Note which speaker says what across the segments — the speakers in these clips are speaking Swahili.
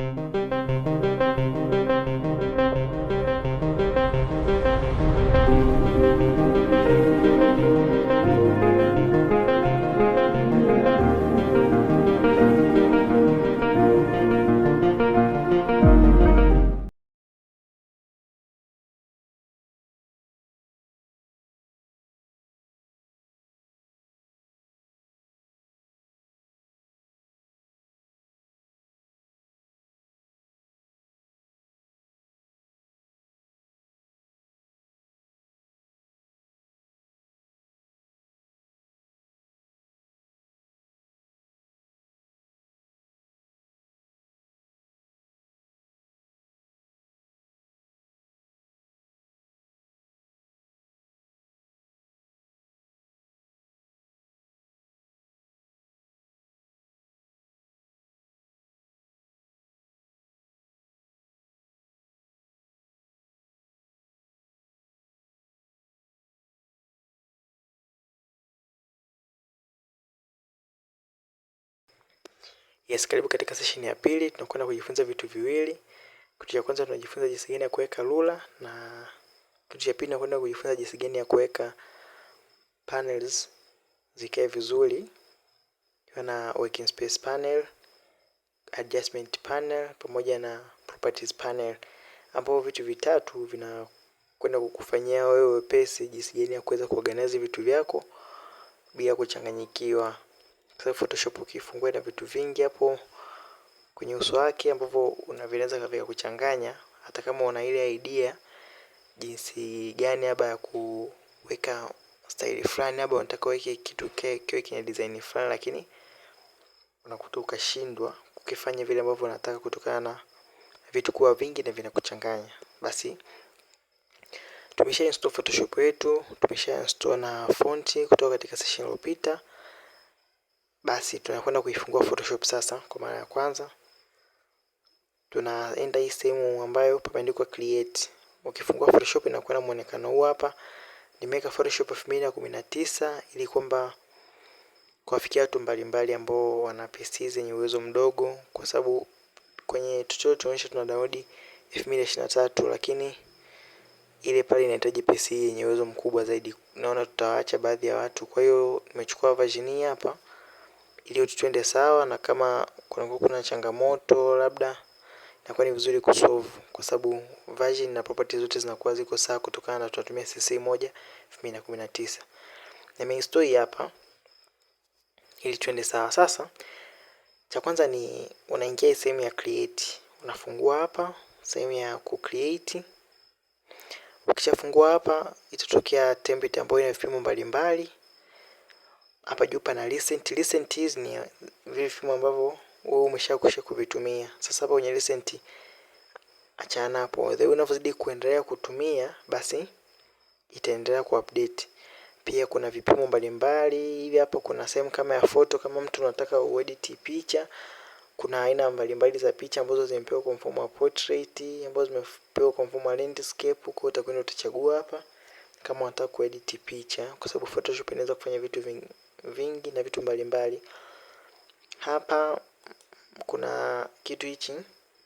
Speaker 1: Música Yes, karibu katika session ya pili, tunakwenda kujifunza vitu viwili. Kitu cha kwanza tunajifunza jinsi gani ya kuweka rula na kitu cha pili tunakwenda kujifunza jinsi gani ya kuweka panels zikae vizuri. Kuna working space panel, adjustment panel pamoja na properties panel ambapo vitu vitatu vinakwenda kukufanyia wewe wepesi jinsi gani ya kuweza kuorganize vitu vyako bila kuchanganyikiwa. Sasa Photoshop ukifungua na vitu vingi hapo kwenye uso wake ambapo ambavyo unaviweza kuchanganya, hata kama una ile idea jinsi gani labda ya kuweka staili fulani labda unataka uweke kitu kiwe kina design fulani lakini unakuta ukashindwa kukifanya vile ambavyo unataka kutokana na vitu kuwa vingi na vinakuchanganya. Basi tumesha install Photoshop yetu, tumesha install na fonti kutoka katika session iliyopita. Basi tunakwenda kuifungua Photoshop sasa kwa mara ya kwanza. Tunaenda hii sehemu ambayo pameandikwa create. Ukifungua Photoshop inakuwa na muonekano huu hapa. Nimeweka Photoshop 2019 ili kwamba kuwafikia watu mbalimbali ambao wana PC zenye uwezo mdogo kwa sababu kwenye tutorial tunaonyesha tuna download 2023 lakini ile pale inahitaji PC yenye uwezo mkubwa zaidi. Naona tutawaacha baadhi ya watu. Kwa hiyo nimechukua version hii hapa ili yote sawa, na kama kunakuwa kuna changamoto labda inakuwa ni vizuri kusolve kwa sababu version na properties zote zinakuwa ziko sawa kutokana na tunatumia CC moja 2019 na kumi na tisa. hapa ili tuende sawa. Sasa cha kwanza ni unaingia sehemu ya create, unafungua hapa sehemu ya create. Ukishafungua hapa, itatokea template ambayo ina vipimo mbalimbali hapa juu pana recent. Recent hizi ni vile vipimo ambavyo wewe umeshakwisha kuvitumia. Sasa hapa kwenye recent, achana hapo. The unavyozidi kuendelea kutumia, basi itaendelea kuupdate. Pia kuna vipimo mbalimbali hivi hapo. Kuna sehemu kama ya photo, kama mtu unataka uedit picha. Kuna aina mbalimbali za picha ambazo zimepewa kwa mfumo wa portrait, ambazo zimepewa kwa mfumo wa landscape. Kwa utakwenda utachagua hapa kama unataka kuedit picha, kwa sababu Photoshop inaweza kufanya vitu vingi vingi na vitu mbalimbali. Hapa kuna kitu hichi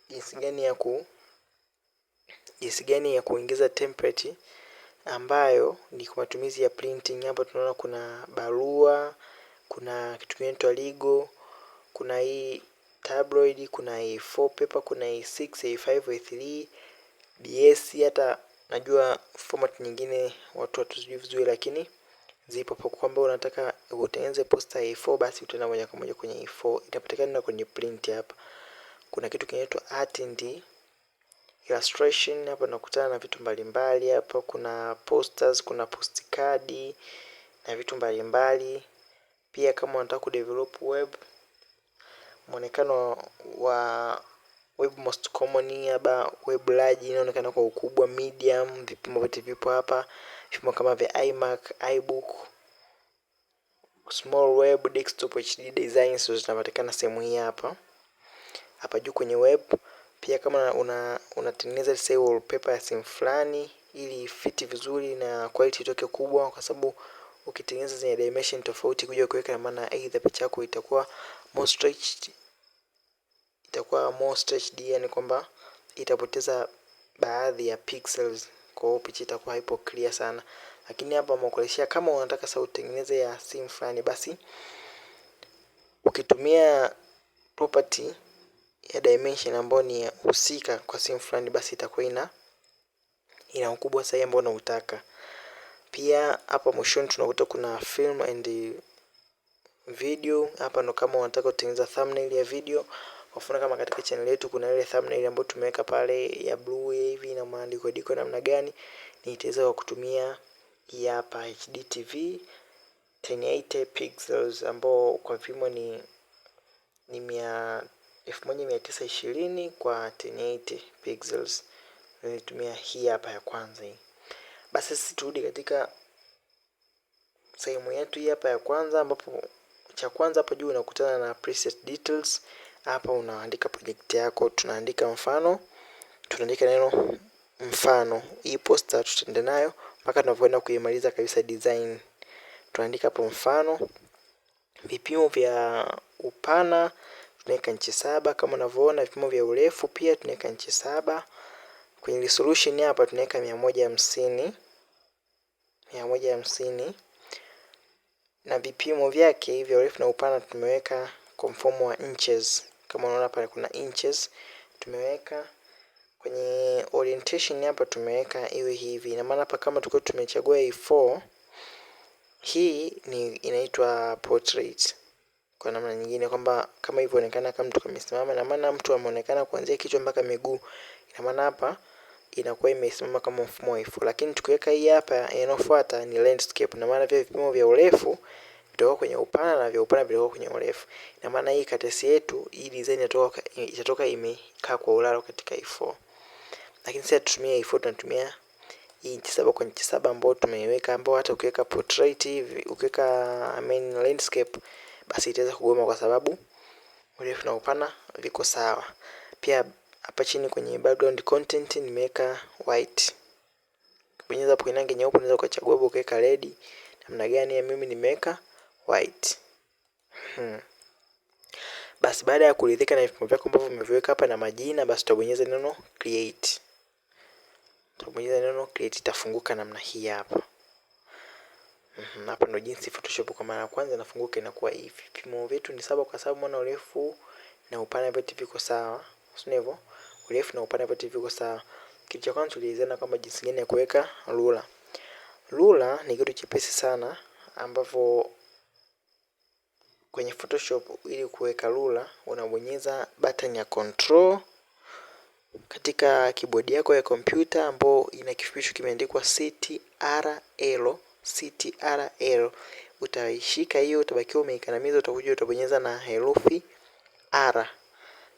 Speaker 1: jinsi gani ya ku jinsi gani ya kuingiza template ambayo ni kwa matumizi ya printing. Hapa tunaona kuna barua, kuna kitu kinaitwa ligo kuna hii tabloid, kuna A4 paper, kuna A6, A5, A3, BS hata najua format nyingine watu hatuzijui vizuri lakini zipo Kwa kwamba unataka utengeneze posta ya A4 basi utaenda moja kwa moja kwenye A4 itapatikana kwenye print hapa kuna kitu kinaitwa art and illustration hapa nakutana na vitu mbalimbali hapa kuna posters kuna postcard na vitu mbalimbali mbali. pia kama unataka kudevelop web mwonekano wa web most common hapa web large inaonekana kwa ukubwa medium vipimo vyote vipo hapa Vyombo kama vya iMac, iBook, Small Web, Desktop HD design so zinapatikana sehemu hii hapa. Hapa juu kwenye web pia kama una unatengeneza say wallpaper ya simu fulani ili ifiti vizuri na quality itoke kubwa, kwa sababu ukitengeneza zenye dimension tofauti kuja kuweka, na maana aidha picha yako itakuwa more stretched, itakuwa more stretched, yani kwamba itapoteza baadhi ya pixels. Kwa hiyo picha itakuwa haipo clear sana. Lakini hapa umeokoleshea kama unataka sasa utengeneze ya simu fulani basi ukitumia property ya dimension ambayo ni ya husika kwa simu fulani basi itakuwa ina ina ukubwa sahihi ambao unautaka. Pia hapa mwishoni tunakuta kuna film and video. Hapa ndo kama unataka kutengeneza thumbnail ya video kwa mfano kama katika channel yetu kuna ile thumbnail ambayo tumeweka pale ya blue hivi na maandiko diko namna gani, nitaeza kwa kutumia hii hapa HD TV 1080 pixels ambao kwa vipimo ni ni mia elfu moja mia tisa ishirini kwa 1080 pixels. Nilitumia hii hapa ya kwanza hii. Basi sisi turudi katika sehemu yetu hii hapa ya kwanza ambapo cha kwanza hapo juu unakutana na preset details. Hapa unaandika projekti yako, tunaandika mfano, tunaandika neno mfano. Hii poster tutaenda nayo mpaka tunapoenda kuimaliza kabisa design. Tunaandika hapo mfano, vipimo vya upana tunaweka inchi saba kama unavyoona, vipimo vya urefu pia tunaweka inchi saba. Kwenye resolution hapa tunaweka mia moja hamsini mia moja hamsini na vipimo vyake hivyo urefu na upana tumeweka kwa mfumo wa inches. Kama unaona pale kuna inches tumeweka kwenye orientation hapa tumeweka iwe hivi. Ina maana hapa kama tuko tumechagua A4 hii ni inaitwa portrait kwa namna nyingine, kwamba kama hivyo onekana kama mtu amesimama, ina maana mtu ameonekana kuanzia kichwa mpaka miguu. Ina maana hapa inakuwa imesimama kama mfumo wa A4, lakini tukiweka hii hapa inayofuata ni landscape, ina maana vile vipimo vya urefu vitakuwa kwenye upana na vya upana vitakuwa kwenye urefu. Ina maana hii katesi yetu hii design itatoka imekaa kwa ulalo katika i 4 Lakini sasa tutumie i 4 tunatumia hii inchi saba kwa inchi saba ambayo tumeiweka, ambayo hata ukiweka portrait hivi ukiweka I mean landscape, basi itaweza kugoma kwa sababu urefu na upana viko sawa. Pia hapa chini kwenye background content nimeweka white. Ukibonyeza hapo kwenye rangi nyeupe unaweza ukachagua hapo ukaweka red namna gani, mimi nimeweka white. Hmm. Basi baada ya kuridhika na vipimo vyako ambavyo umeviweka hapa na majina, basi utabonyeza neno create. Utabonyeza neno create, itafunguka namna hii hapa. Mm-hmm. Hapa ndo jinsi Photoshop kwa mara ya kwanza inafunguka, inakuwa hivi. Vipimo vyetu ni saba kwa saba, maana urefu na upana vyote viko sawa, sio hivyo? Urefu na upana vyote viko sawa. Kitu cha kwanza tulielezana kwamba jinsi gani ya kuweka rula. Rula ni kitu chepesi sana ambavyo kwenye Photoshop ili kuweka rula unabonyeza button ya control katika kibodi yako ya kompyuta ambayo ina kifupisho kimeandikwa CTRL CTRL utaishika hiyo, utabakiwa umeikandamiza, utakuja utabonyeza na herufi R,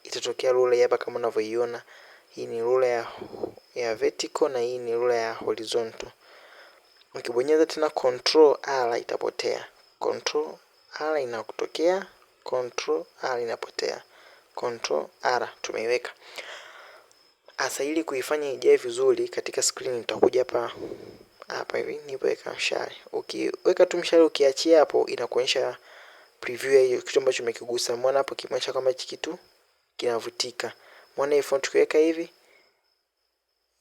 Speaker 1: itatokea rula hapa kama unavyoiona. Hii ni rula ya, ya vertical na hii ni rula ya horizontal. Ukibonyeza tena control R itapotea control R inakutokea, control R inapotea. Control R tumeiweka. Asa ili kuifanya ijae vizuri katika screen nitakuja hapa hapa hivi niweka mshale. Ukiweka tu mshale ukiachia hapo inakuonyesha preview ya hiyo kitu ambacho umekigusa. Umeona hapo kimeonyesha kama hichi kitu kinavutika. Umeona hii font kuweka hivi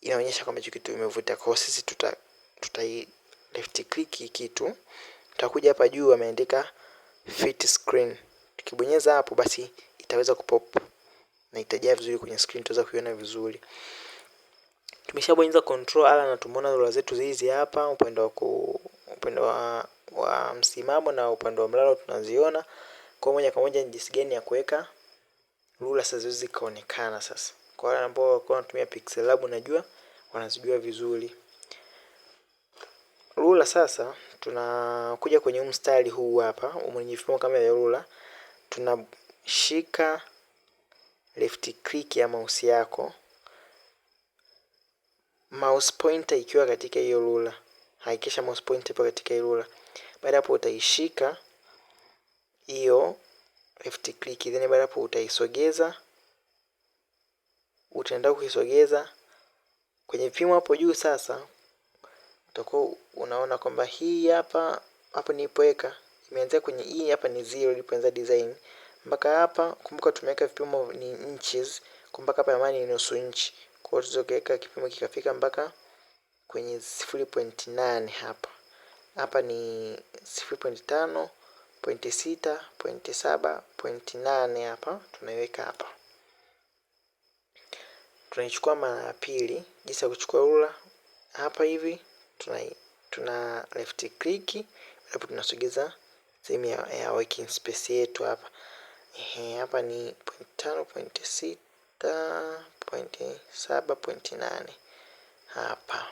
Speaker 1: inaonyesha kama hicho kitu imevuta. Kwa sisi tuta tutai left click kitu. Tutakuja hapa juu ameandika fit screen. Tukibonyeza hapo basi itaweza kupop na itajaa vizuri kwenye screen tuweza kuiona vizuri. Tumeshabonyeza control ala na tumeona rula zetu hizi hapa upande wa upande wa, wa msimamo na upande wa mlalo tunaziona. Kwa moja kwa moja ni jinsi gani ya kuweka rula sasa ziweze kaonekana sasa. Kwa wale ambao walikuwa wanatumia Pixel Lab najua wanazijua vizuri. Rula sasa Tunakuja kwenye mstari huu hapa mwenye vipimo kama vya rula, tunashika left click ya mouse yako, mouse pointer ikiwa katika hiyo rula. Hakikisha mouse pointer ipo katika hiyo rula. Baada hapo utaishika hiyo left click, then baada hapo utaisogeza, utaenda kuisogeza kwenye vipimo hapo juu sasa utakuwa unaona kwamba hii hapa hapo nilipoweka imeanzia kwenye hii hapa ni zero ilipoanza design mpaka hapa kumbuka tumeweka vipimo ni inches kumbuka hapa amani ni nusu inch, kwa hiyo tulizokiweka kipimo kikafika mpaka kwenye 0.8 hapa hapa ni 0.5 pointi sita hapa tunaiweka hapa tunaichukua mara ya pili jinsi ya kuchukua rula hapa hivi tuna tuna left click hapo tunasogeza sehemu ya ya working space yetu hapa Ehe, hapa ni point tano point sita point saba point nane hapa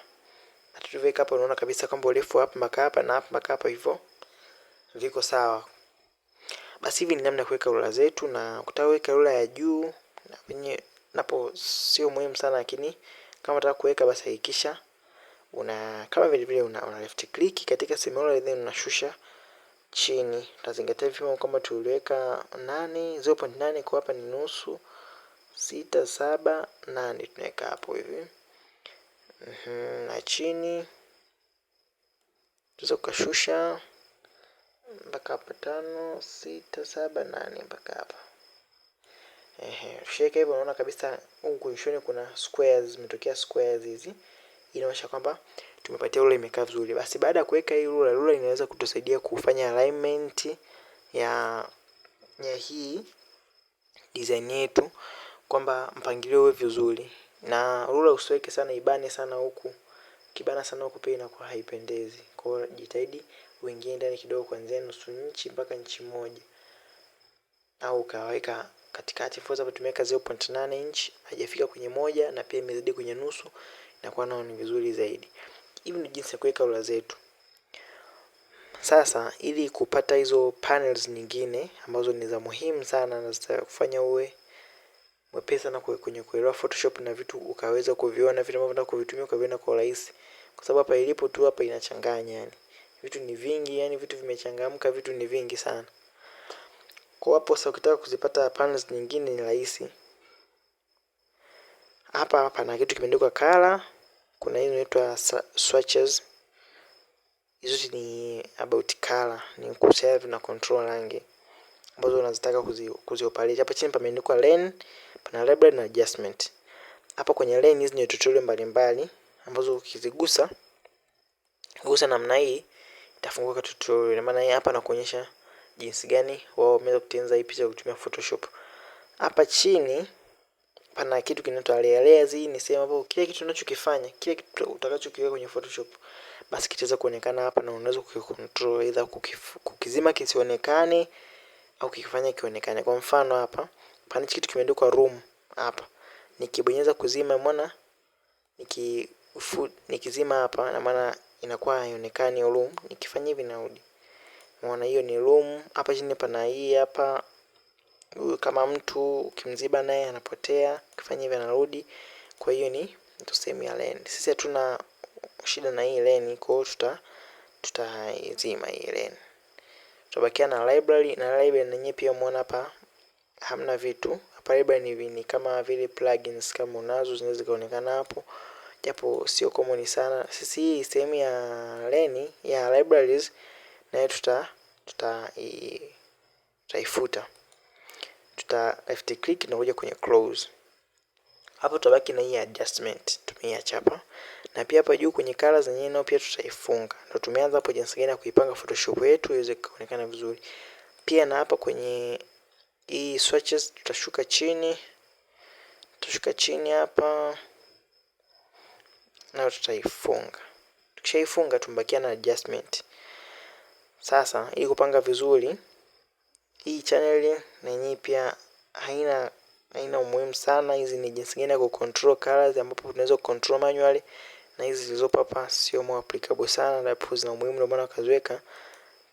Speaker 1: tulivyoweka hapa unaona kabisa kwamba urefu hapa mpaka hapa na hapa mpaka hapa hivyo viko sawa basi hivi ni namna ya kuweka rula zetu na kutaweka rula ya juu na kwenye napo sio muhimu sana lakini kama unataka kuweka basi hakikisha una kama vile vile una, una left click katika simu then unashusha chini. Tazingatia vipimo kwamba tuliweka nane, 0.8 kwa hapa ni nusu sita saba nane, tunaweka hapo hivi mm-hmm. na chini tuweza ukashusha mpaka hapa tano sita saba nane mpaka hapa ehe. Ushaweka hivyo, unaona kabisa huku mwishoni kuna squares, zimetokea squares hizi inaonyesha kwamba tumepatia rula imekaa vizuri. Basi baada ya kuweka hii rula, rula inaweza kutusaidia kufanya alignment ya ya hii design yetu kwamba mpangilio uwe vizuri, na rula usiweke sana ibane sana huku, kibana sana huku pia inakuwa haipendezi. Kwa hiyo jitahidi uingie ndani kidogo, kuanzia nusu nchi mpaka nchi moja, au ukaweka katikati. Hapa tumeweka 0.8 inch haijafika kwenye moja na pia imezidi kwenye nusu nakuwa nao ni vizuri zaidi. Hivi ni jinsi ya kuweka ula zetu. Sasa ili kupata hizo panels nyingine ambazo ni za muhimu sana na zitakufanya uwe mwepesi sana kwenye kuelewa Photoshop na vitu ukaweza kuviona vitu ambavyo unataka kuvitumia ukaviona kwa urahisi. Kwa sababu hapa ilipo tu hapa inachanganya yani. Vitu ni vingi yani vitu vimechangamka vitu ni vingi sana. Kwa hapo sasa ukitaka kuzipata panels nyingine ni rahisi. Hapa hapa na kitu kimeandikwa color. Kuna hii inaitwa swatches. Hizo ni about color, ni kuhusiana na control rangi ambazo unazitaka kuzi, kuzioperate. Hapa chini pameandikwa len, pana library na adjustment. Hapa kwenye len hizi ni tutorial mbalimbali ambazo ukizigusa gusa namna hii itafungua kwa tutorial. Ina maana hapa nakuonyesha jinsi gani wao wameweza kutengeneza hii picha kutumia Photoshop. Hapa chini pana kitu kinaitwa layers. Hii ni sehemu ambapo kile kitu unachokifanya, kile kitu utakachokiweka kwenye Photoshop basi kitaweza kuonekana hapa na unaweza kukicontrol either kukizima kisionekane au kukifanya kionekane. Kwa mfano hapa pana kitu kimeandikwa room hapa. Nikibonyeza kuzima umeona niki nikizima hapa na maana inakuwa haionekani room. Nikifanya hivi narudi. Umeona hiyo ni room. Hapa chini pana hii hapa huyu kama mtu ukimziba naye anapotea, ukifanya hivi anarudi. Kwa hiyo ni tuseme ya len. Sisi hatuna shida na hii len, kwa hiyo tuta tutaizima hii len. Tutabakia na library na library na pia umeona hapa hamna vitu. Hapa library ni, ni kama vile plugins kama unazo zinaweza kuonekana hapo. Japo sio common sana. Sisi hii sehemu ya len ya libraries na tuta tuta tutaifuta tuta left click na kuja kwenye close. Hapo tutabaki na hii adjustment tumeiachapa, na pia hapa juu kwenye colors zenyewe nao pia tutaifunga. Ndio tumeanza hapo jinsi gani ya kuipanga Photoshop yetu iweze kuonekana vizuri. Pia na hapa kwenye hii swatches tutashuka chini, tutashuka chini hapa na tutaifunga. Tukishaifunga tumbakia na adjustment. Sasa ili kupanga vizuri hii channel na yenyewe pia haina haina umuhimu sana. Hizi ni jinsi gani ya kucontrol colors, ambapo tunaweza kucontrol manually, na hizi zilizopo hapa sio more applicable sana, na hapo zina umuhimu, ndio maana wakaziweka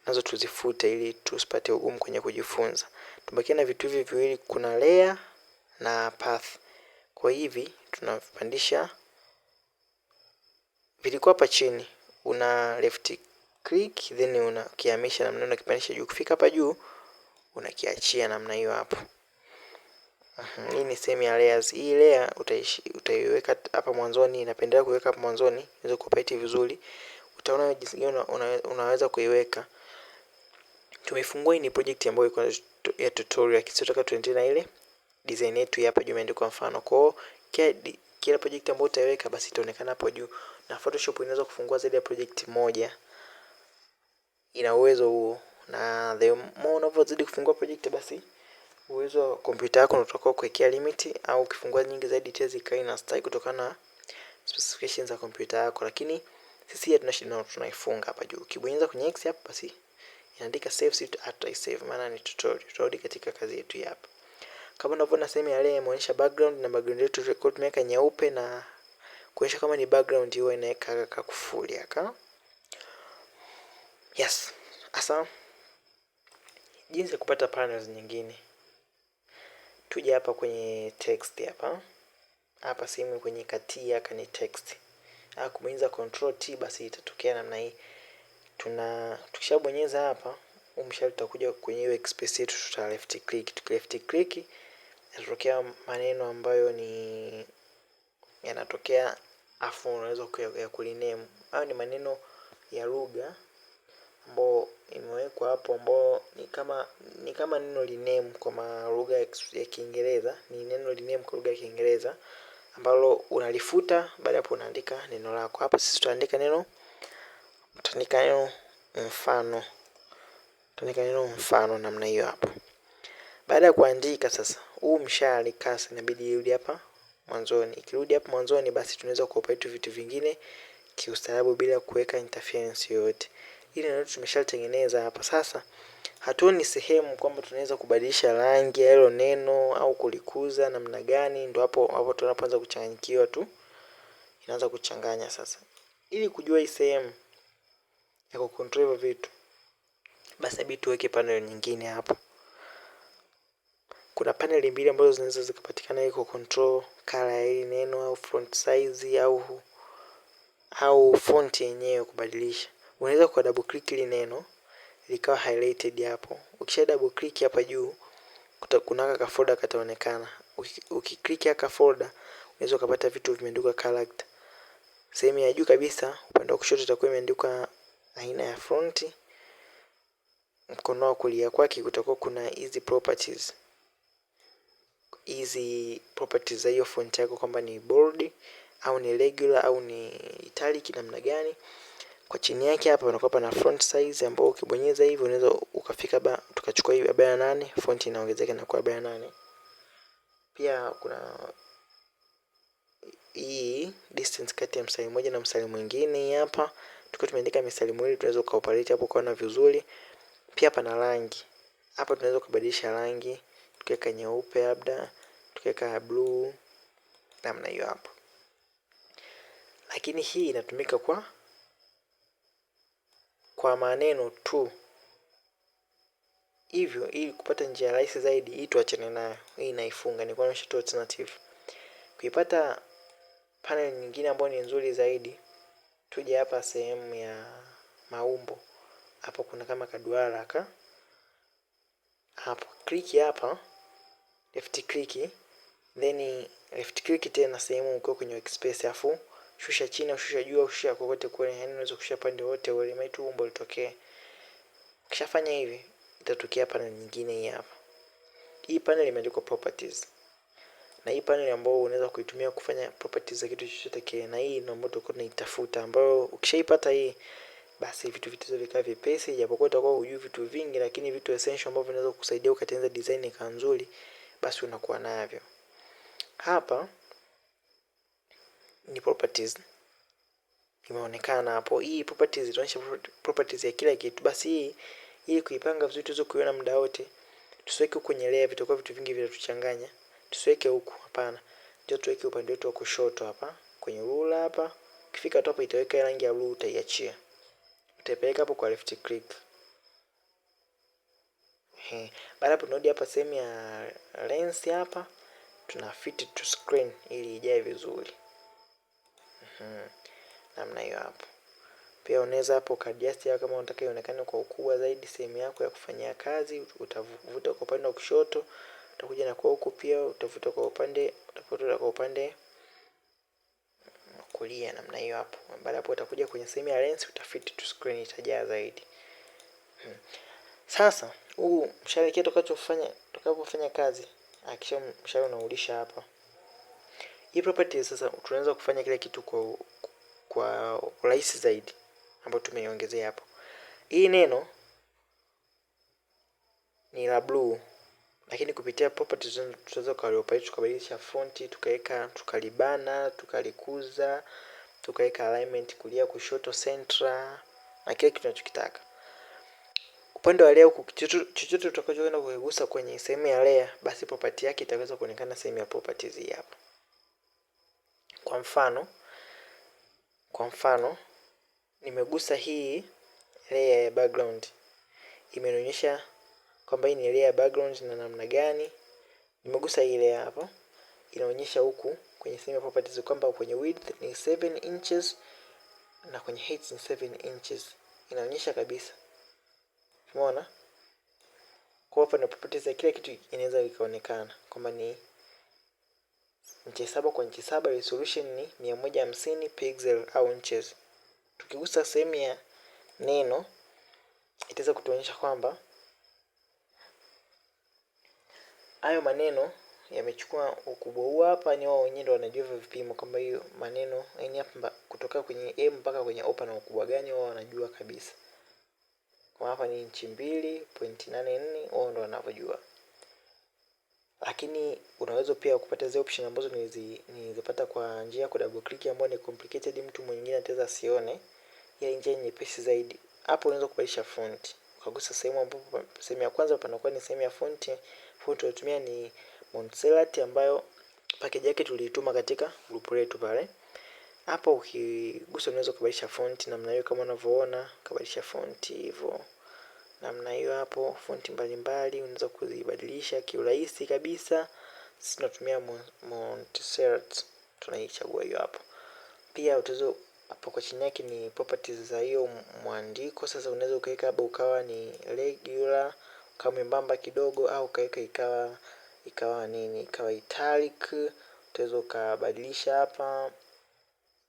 Speaker 1: nazo, tuzifute ili tusipate ugumu kwenye kujifunza. Tubakie na vitu hivi viwili, kuna layer na path. Kwa hivi tunapandisha vilikuwa hapa chini, una left click then unakihamisha namna, unakipandisha juu kufika hapa juu unakiachia namna hiyo hapo. Hii ni sehemu ya layers. Hii layer utaishi utaiweka hapa mwanzoni, napendelea kuiweka hapa mwanzoni ili kupaiti vizuri. Utaona jinsi gani unaweza kuiweka. Tumefungua hii ni project ambayo iko ya tutorial. Kisha tutaka tuendelee na ile design yetu hapa juu imeandikwa mfano. Kwa hiyo kila kila project ambayo utaiweka basi itaonekana hapo juu. Na Photoshop inaweza kufungua zaidi ya project moja. Ina uwezo huo na the more unavyozidi kufungua project basi uwezo wa kompyuta yako unatakiwa kuwekea limit au ukifungua nyingi zaidi tezi na inastahi kutokana na specifications za kompyuta yako, lakini sisi hatuna shida nao, tunaifunga hapa juu. Ukibonyeza kwenye X hapa, basi inaandika save sit at i save, maana ni tutorial. Turudi katika kazi yetu hapa, kama unavyoona sehemu ya leo imeonyesha background, na background yetu record tumeweka nyeupe na kuonyesha kama ni background, hiyo inaweka kaka kufuli aka yes asante Jinsi ya kupata panels nyingine. Tuje hapa kwenye text hapa. Hapa sehemu kwenye katia ni text. Kubonyeza control T basi itatokea namna hii. Tuna tukishabonyeza hapa, umshale tutakuja kwenye hiyo space yetu tuta left click. Tuki left click yatatokea maneno ambayo ni yanatokea afu unaweza kuya kuliname. Hayo ni maneno ya lugha ambao imewekwa hapo ambao ni kama ni kama neno rename kwa lugha ya Kiingereza ni neno rename kwa lugha ya Kiingereza ambalo unalifuta baada ya hapo unaandika neno lako. Hapo sisi tutaandika neno tutaandika neno mfano. Tutaandika neno mfano namna hiyo hapo. Baada ya kuandika sasa, huu mshale kasi inabidi irudi hapa mwanzoni. Ikirudi hapa mwanzoni, basi tunaweza kuoperate vitu vingine kiustaarabu bila kuweka interference yoyote hili nalo tumeshatengeneza hapa sasa. Hatuoni sehemu kwamba tunaweza kubadilisha rangi ya hilo neno au kulikuza namna gani, ndio hapo hapo tunapoanza kuchanganyikiwa tu, inaanza kuchanganya sasa. Ili kujua hii sehemu ya kucontrol hivyo vitu, basi inabidi tuweke panel nyingine hapo. Kuna panel mbili ambazo zinaweza zikapatikana ili control color ya hili neno au font size au au font yenyewe kubadilisha. Unaweza kwa double click hili neno likawa highlighted hapo. Ukisha double click hapa juu kuna ka folder kataonekana. Ukiklik haka folder unaweza ukapata vitu vimeandikwa character. Sehemu ya juu kabisa upande wa kushoto itakuwa imeandikwa aina ya fonti. Mkono wa kulia kwake kutakuwa kuna hizi properties, hizi properties za hiyo fonti yako kwamba ni bold au ni regular au ni italic namna gani. Kwa chini yake hapa panakuwa pana font size ambayo ukibonyeza hivi unaweza ukafika ba, tukachukua hii baba ya nane font inaongezeka na kuwa baba ya nane. Pia kuna hii distance kati ya mstari mmoja na mstari mwingine hapa. Tukiwa tumeandika mistari miwili tunaweza ukaoperate hapo ukaona vizuri. Pia pana rangi. Hapa tunaweza kubadilisha rangi tukiweka nyeupe labda, tukiweka blue namna hiyo hapo. Lakini hii inatumika kwa kwa maneno tu. Hivyo ili kupata njia rahisi zaidi hii tuachane nayo. Hii naifunga nilikuwa nimeshatoa alternative. Kuipata panel nyingine ambayo ni nzuri zaidi. Tuje hapa sehemu ya maumbo. Hapo kuna kama kaduara ka Hapo kliki hapa left click then left click tena sehemu ukiwa kwenye workspace afu shusha chini au shusha juu au shusha kokote kule, yani unaweza kushusha pande yote ule, ili tu umbo litokee. Ukishafanya hivi itatokea panel nyingine hii hapa. Hii panel imeandikwa properties, na hii panel ambayo unaweza kuitumia kufanya properties za kitu chochote kile, na hii ndio ambayo tulikuwa tunaitafuta, ambayo ukishaipata hii basi vitu vitaweza vikaa vipesi, japokuwa utakuwa hujui vitu vingi, lakini vitu essential ambavyo vinaweza kukusaidia ukatengeneza design ikawa nzuri, basi unakuwa navyo hapa ni properties imeonekana hapo. Hii properties itaonyesha properties ya kila kitu. Basi hii ili kuipanga vizuri tuweze kuiona muda wote, tusiweke huko kwenye layer, vitakuwa vitu vingi vitatuchanganya. Tusiweke huku, hapana, ndio tuweke upande wetu wa kushoto hapa kwenye ruler hapa. Ukifika tu hapo itaweka rangi ya blue, utaiachia, utaipeleka hapo kwa left click. Ehe, baada hapo tunarudi hapa sehemu ya lens hapa, tuna fit to screen ili ijae vizuri hmm. namna hiyo hapo. Pia unaweza hapo kadjust hapo kama unataka ionekane kwa ukubwa zaidi sehemu yako ya kufanyia kazi, utavuta kwa upande wa kushoto, utakuja na kwa huku pia utavuta kwa upande, utavuta kwa upande kulia namna hiyo hapo. Baada hapo utakuja kwenye sehemu ya lens, utafit to screen itajaa zaidi. hmm. Sasa huu mshale kile tutakachofanya tutakapofanya kazi hakikisha mshale unaulisha hapa. Hii property sasa tunaweza kufanya kile kitu kwa kwa rahisi zaidi ambayo tumeiongezea hapo. Hii neno ni la blue, lakini kupitia properties tunaweza tukalioperate, tukabadilisha fonti, tukaweka, tukalibana, tukalikuza, tukaweka alignment kulia, kushoto, centra na kile kitu tunachokitaka. Upande wa layer, chochote tutakachoenda kugusa kwenye sehemu ya layer, basi property yake itaweza kuonekana sehemu ya properties hapo. Kwa mfano, kwa mfano, nimegusa hii layer ya background. Imenionyesha kwamba hii ni layer ya background na namna gani. Nimegusa hii layer hapo, Inaonyesha huku kwenye sehemu ya properties kwamba kwenye width ni 7 inches na kwenye height ni 7 inches. Inaonyesha kabisa. Umeona? Kwa hapa na properties ya kila kitu inaweza ikaonekana kwamba ni Nchi saba kwa nchi saba resolution ni mia moja hamsini pixel au inches. Tukigusa sehemu ya neno itaweza kutuonyesha kwamba hayo maneno yamechukua ukubwa huu hapa. Ni wao wenyewe ndio wanajua hivyo vipimo kama hiyo maneno yani hapa kutoka kwenye m mpaka kwenye opa na ukubwa gani, wao wanajua kabisa. Kwa hapa ni inchi mbili pointi nane nne, wao ndio wanavyojua. Lakini unaweza pia kupata zile option ambazo nilizipata kwa njia ya kudouble click ambayo ni complicated, mtu mwingine ataweza asione. Ile njia nyepesi zaidi, hapo unaweza kubadilisha font. Ukagusa sehemu ambapo sehemu ya kwanza panakuwa ni sehemu ya font. Font tunatumia ni Montserrat ambayo package yake tulituma katika group letu pale. Hapo ukigusa unaweza kubadilisha font namna hiyo kama unavyoona, kubadilisha font hivyo namna hiyo hapo. Fonti mbalimbali unaweza kuzibadilisha kiurahisi kabisa. Sisi tunatumia Montserrat, tunaichagua hiyo hapo. Pia utaweza hapo kwa chini yake ni properties za hiyo mwandiko. Sasa unaweza ukaweka hapo ukawa ni regular, ukawa mwembamba kidogo, au ukaweka ikawa ikawa nini, ikawa italic. Utaweza ukabadilisha hapa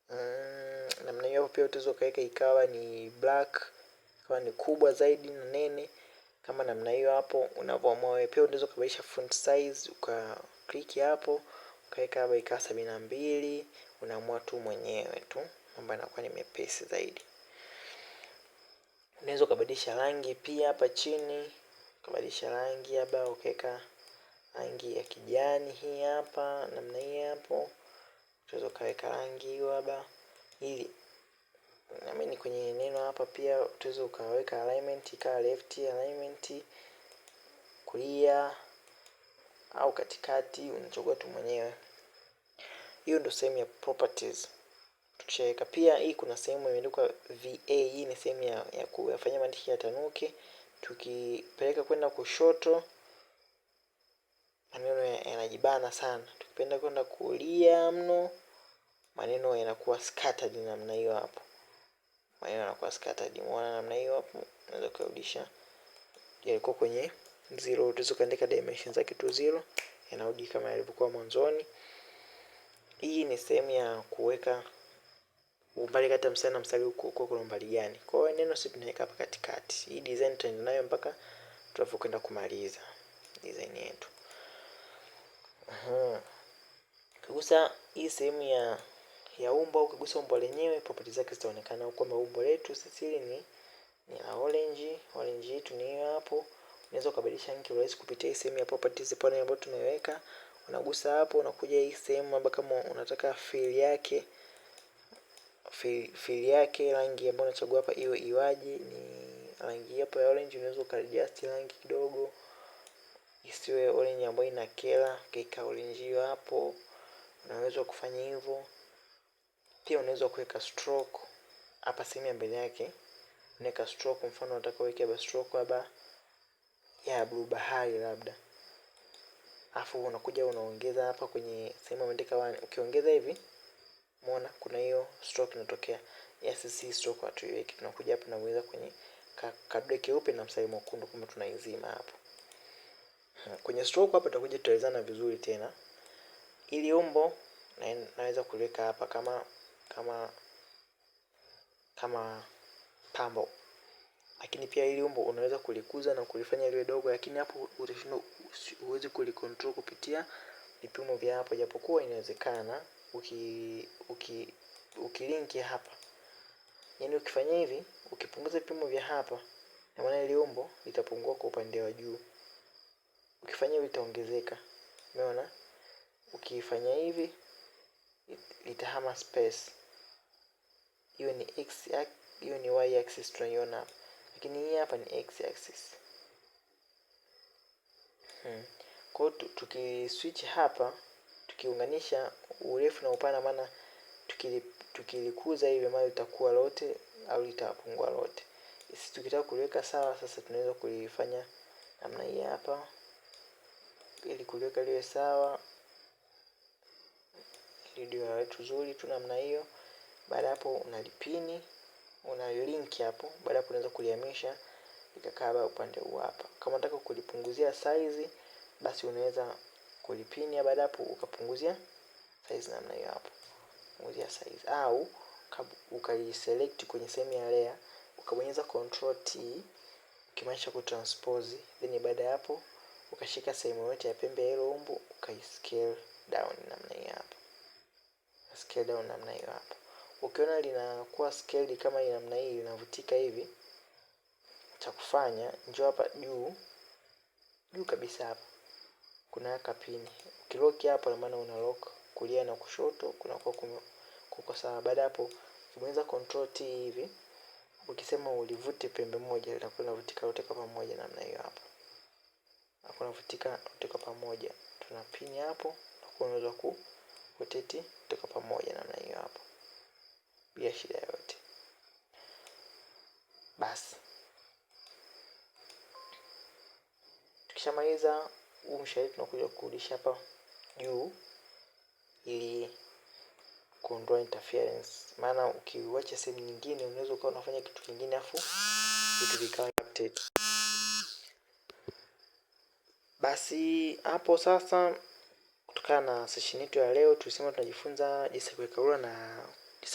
Speaker 1: mm, namna hiyo. Pia utaweza ukaweka ikawa ni black ikawa ni kubwa zaidi na nene kama namna hiyo hapo unavyoamua wewe pia unaweza kubadilisha font size click hapo ukaweka labda ikawa sabini na mbili unaamua tu mwenyewe tu mambo yanakuwa ni mepesi zaidi unaweza ukabadilisha rangi pia hapa chini ukabadilisha rangi labda ukaweka rangi ya kijani hii hapa namna hii hapo unaweza ukaweka rangi hiyo labda ili naamini kwenye neno hapa pia utaweza ukaweka alignment ikawa left alignment, kulia au katikati, unachagua tu mwenyewe. Hiyo ndo sehemu ya properties tukishaweka. Pia hii kuna sehemu imeandikwa VA, hii ni sehemu ya, ya kufanya maandishi yatanuke. Tukipeleka kwenda kushoto maneno yanajibana sana, tukipenda kwenda kulia mno maneno yanakuwa scattered namna hiyo hapo maneno yanakuwa scattered. Umeona namna hiyo hapo, unaweza kurudisha yalikuwa kwenye zero, utaweza kuandika dimension zake tu zero, yanarudi kama yalivyokuwa mwanzoni. Hii ni sehemu ya kuweka umbali kati ya mstari na mstari kwa kuna umbali gani. Kwa hiyo neno sisi tunaweka hapa katikati. Hii design tutaenda nayo mpaka tutakapokwenda kumaliza design yetu. Kugusa hii sehemu ya ya umbo. au Ukigusa umbo lenyewe property zake zitaonekana kwamba umbo letu sisi ni ni la orange. Orange yetu ni hiyo hapo. Unaweza kubadilisha rangi rahisi kupitia hii sehemu ya properties pale ambapo tumeweka. Unagusa hapo, unakuja hii sehemu ambapo kama unataka fill yake fill, yake rangi ambayo unachagua hapa iwe iwaje ni rangi hapo ya orange. Unaweza ukaadjust rangi kidogo isiwe orange ambayo inakela kaika orange hiyo hapo, unaweza kufanya hivyo. Pia unaweza kuweka stroke hapa sehemu ya mbele yake, unaweka stroke. Mfano unataka uweke labda stroke hapa ya blue bahari labda, afu unakuja unaongeza hapa kwenye sehemu umeandika one. Ukiongeza hivi, umeona kuna hiyo stroke inatokea. Yes, si stroke watu iweke, tunakuja hapa na uweza kwenye kadude keupe na mstari mwekundu, kama tunaizima hapo kwenye stroke hapa. Tutakuja tutaelezana vizuri tena ili umbo naweza kuliweka hapa kama kama kama pambo. Lakini pia hili umbo unaweza kulikuza na kulifanya liwe dogo, lakini hapo utashindwa, huwezi kulikontrol kupitia vipimo vya hapo japokuwa inawezekana uki, uki, ukilinki hapa, yani, ukifanya hivi, ukipunguza vipimo vya hapa, na maana hili umbo litapungua kwa upande wa juu, ukifanya hivi itaongezeka. Umeona, ukifanya hivi itahama space hiyo ni x hiyo ni y axis tunaiona hapa, lakini hii hapa ni x axis. Hmm. Kwa hiyo tukiswitch hapa tukiunganisha urefu na upana, maana tukilikuza hivi mali litakuwa lote au litapungua lote. Sisi tukitaka kuliweka sawa, sasa tunaweza kulifanya namna hii hapa, ili kuliweka liwe sawa, ili liwe zuri tu namna hiyo. Baada ya hapo unalipini, link hapo, baada hapo unaweza kulihamisha ikakaa upande huu hapa. Kama unataka kulipunguzia size, basi unaweza kulipini, baada hapo ukapunguzia size namna hiyo hapo, punguzia size au ukaiselect kwenye sehemu ya layer ukabonyeza control T ukimaanisha kutranspose, then baada ya hapo ukashika sehemu yote ya pembe ya hilo umbo ukaiscale down namna hiyo hapo, scale down namna hiyo hapo ukiona linakuwa scale kama ya namna hii linavutika hivi, cha kufanya njoo hapa juu juu kabisa hapa kuna haka pini, Ukiloki hapa na maana una lock kulia na kushoto kuna kwa kuko sawa. Baada hapo ukibonyeza control T hivi, ukisema ulivute pembe moja, litakuwa linavutika yote kwa pamoja namna hiyo hapo, hakuna vutika yote kwa pamoja. Tuna pini hapo na unaweza ku rotate kutoka pamoja namna hiyo hapo bila shida yoyote. Basi tukishamaliza huu mshale tunakuja kurudisha hapa juu ili kuondoa interference, maana ukiwacha sehemu nyingine unaweza ukawa unafanya kitu kingine afu vitu vikawa update. Basi hapo sasa, kutokana na session yetu ya leo, tulisema tunajifunza jinsi ya kuweka rula na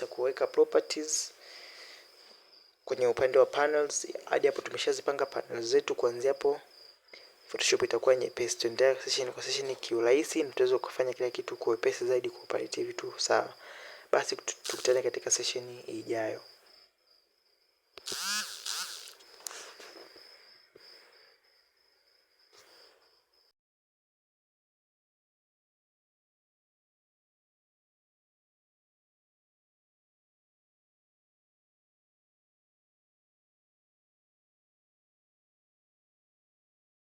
Speaker 1: za kuweka properties kwenye upande wa panels. Hadi hapo tumeshazipanga panels zetu, kuanzia hapo Photoshop itakuwa nyepesi. Tuendelea session kwa session kiurahisi, na tuweze kufanya kila kitu kwa wepesi zaidi, kwa upaliti vitu sawa. Basi tukutane katika session ijayo.